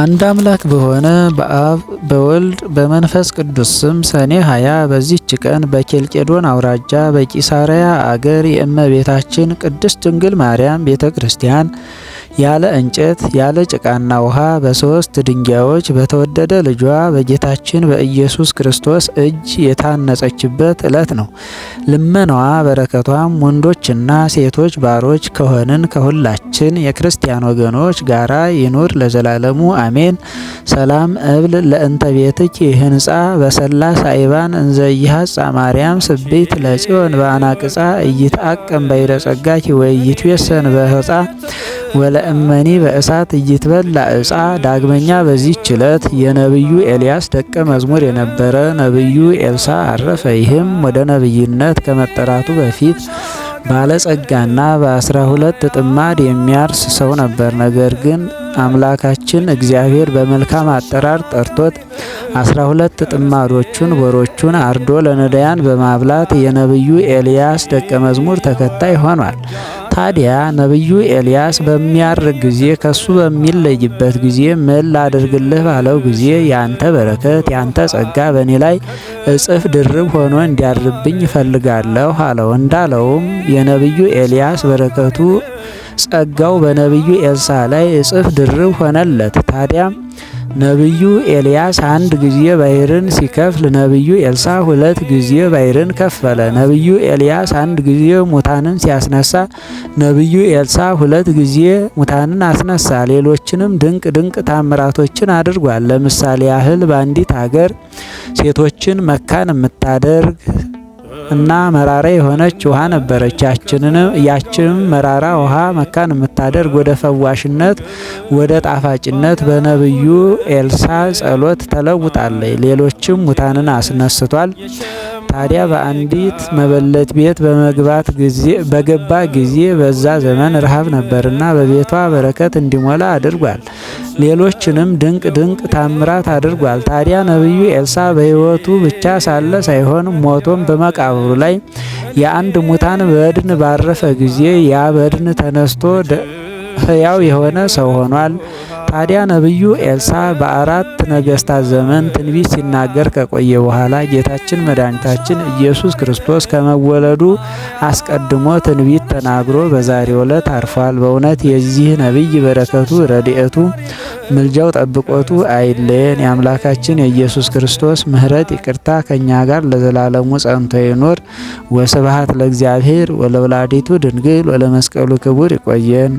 አንድ አምላክ በሆነ በአብ በወልድ በመንፈስ ቅዱስ ስም ሰኔ 20 በዚች ቀን በኬልቄዶን አውራጃ በቂሳሪያ አገር የእመቤታችን ቅድስት ድንግል ማርያም ቤተ ክርስቲያን ያለ እንጨት ያለ ጭቃና ውሃ በሶስት ድንጋዮች በተወደደ ልጇ በጌታችን በኢየሱስ ክርስቶስ እጅ የታነጸችበት ዕለት ነው። ልመናዋ በረከቷም ወንዶችና ሴቶች ባሮች ከሆንን ከሁላችን የክርስቲያን ወገኖች ጋራ ይኑር ለዘላለሙ አሜን። ሰላም እብል ለእንተ ቤትኪ ህንጻ በሰላ ሳይባን እንዘ ማርያም ስቤት ለጽዮን በአናቅጻ እይትአቀም በይረ ጸጋኪ በህጻ ወለእመኒ በእሳት እይትበላ እጻ ዳግመኛ በዚህ ችለት የነቢዩ ኤልያስ ደቀ መዝሙር የነበረ ነቢዩ ኤልሳ አረፈ። ይህም ወደ ነቢይነት ከመጠራቱ በፊት ባለጸጋና በአስራ ሁለት ጥማድ የሚያርስ ሰው ነበር። ነገር ግን አምላካችን እግዚአብሔር በመልካም አጠራር ጠርቶት አስራ ሁለት ጥማዶቹን በሮቹን አርዶ ለነዳያን በማብላት የነቢዩ ኤልያስ ደቀ መዝሙር ተከታይ ሆኗል። ታዲያ ነቢዩ ኤልያስ በሚያርግ ጊዜ ከሱ በሚለይበት ጊዜ ምን ላድርግልህ ባለው ጊዜ ያንተ በረከት ያንተ ጸጋ በእኔ ላይ እጽፍ ድርብ ሆኖ እንዲያድርብኝ ይፈልጋለሁ አለው። እንዳለውም የነቢዩ ኤልያስ በረከቱ ጸጋው በነቢዩ ኤልሳ ላይ እጽፍ ድርብ ሆነለት። ታዲያ ነቢዩ ኤልያስ አንድ ጊዜ ባሕርን ሲከፍል ነቢዩ ኤልሳ ሁለት ጊዜ ባሕርን ከፈለ። ነቢዩ ኤልያስ አንድ ጊዜ ሙታንን ሲያስነሳ ነቢዩ ኤልሳ ሁለት ጊዜ ሙታንን አስነሳ። ሌሎችንም ድንቅ ድንቅ ታምራቶችን አድርጓል። ለምሳሌ ያህል በአንዲት ሀገር ሴቶችን መካን የምታደርግ እና መራራ የሆነች ውሃ ነበረች። ያችንንም ያችንም መራራ ውሃ መካን የምታደርግ ወደ ፈዋሽነት ወደ ጣፋጭነት በነብዩ ኤልሳ ጸሎት ተለውጣለች። ሌሎችም ሙታንን አስነስቷል። ታዲያ በአንዲት መበለት ቤት በመግባት ጊዜ በገባ ጊዜ በዛ ዘመን ረሃብ ነበርና በቤቷ በረከት እንዲሞላ አድርጓል። ሌሎችንም ድንቅ ድንቅ ታምራት አድርጓል። ታዲያ ነቢዩ ኤልሳ በሕይወቱ ብቻ ሳለ ሳይሆን ሞቶም በመቃብሩ ላይ የአንድ ሙታን በድን ባረፈ ጊዜ ያ በድን ተነስቶ ሕያው የሆነ ሰው ሆኗል። ታዲያ ነቢዩ ኤልሳ በአራት ነገስታት ዘመን ትንቢት ሲናገር ከቆየ በኋላ ጌታችን መድኃኒታችን ኢየሱስ ክርስቶስ ከመወለዱ አስቀድሞ ትንቢት ተናግሮ በዛሬው ዕለት አርፏል። በእውነት የዚህ ነቢይ በረከቱ፣ ረድኤቱ፣ ምልጃው፣ ጠብቆቱ አይለየን። የአምላካችን የኢየሱስ ክርስቶስ ምሕረት ይቅርታ ከእኛ ጋር ለዘላለሙ ጸንቶ ይኖር። ወስብሐት ለእግዚአብሔር ወለወላዲቱ ድንግል ወለመስቀሉ ክቡር። ይቆየን።